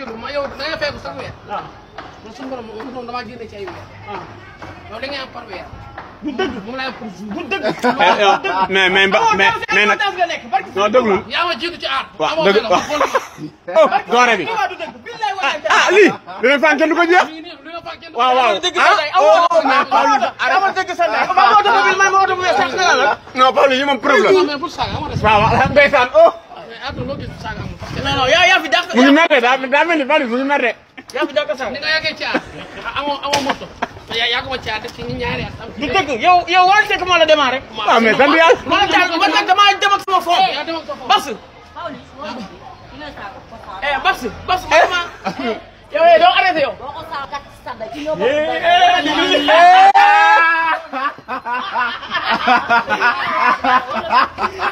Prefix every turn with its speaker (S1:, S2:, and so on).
S1: jëlu ma yow da ngay fay ko sax weer. waaw ah. man suñu borom moom moom damaa génne ci ay weer. waaw ah. yow da ngay am par weer. bu dëgg moom laay am pour jour bu eh, eh, dëgg. mais mais mba mais mais nag non déglu. yaa ma jiitu ci aar. waaw dëgg waaw oh, doore bi. Ah, ah lii. lu ne fànn kenn du ko jeex.
S2: waaw waaw ah oh mais Paul. amal
S1: dëgg sa ndey ma oto bi ma oto bi sax nga la. non Paul yi moom problème. waaw waaw ndeysaan oh. non non yow yaa fi dàq. mu ngi mer de daa daa mel ni Fatou mu ngi mer de. yaa fi dàq saaga. ni nga yàggee caa amoo amoo moto. yaa yaa ko ma caa def ci ñaari at. du dëgg yow yow wàllu dëkk moo la démarré. waaw mais sant yàlla. moo la caa man nag damaa dem ak sama foofu. yaa dem ak sa foofu Bas. eh Bas Bas vraiment. yow yow doo arrêté yow.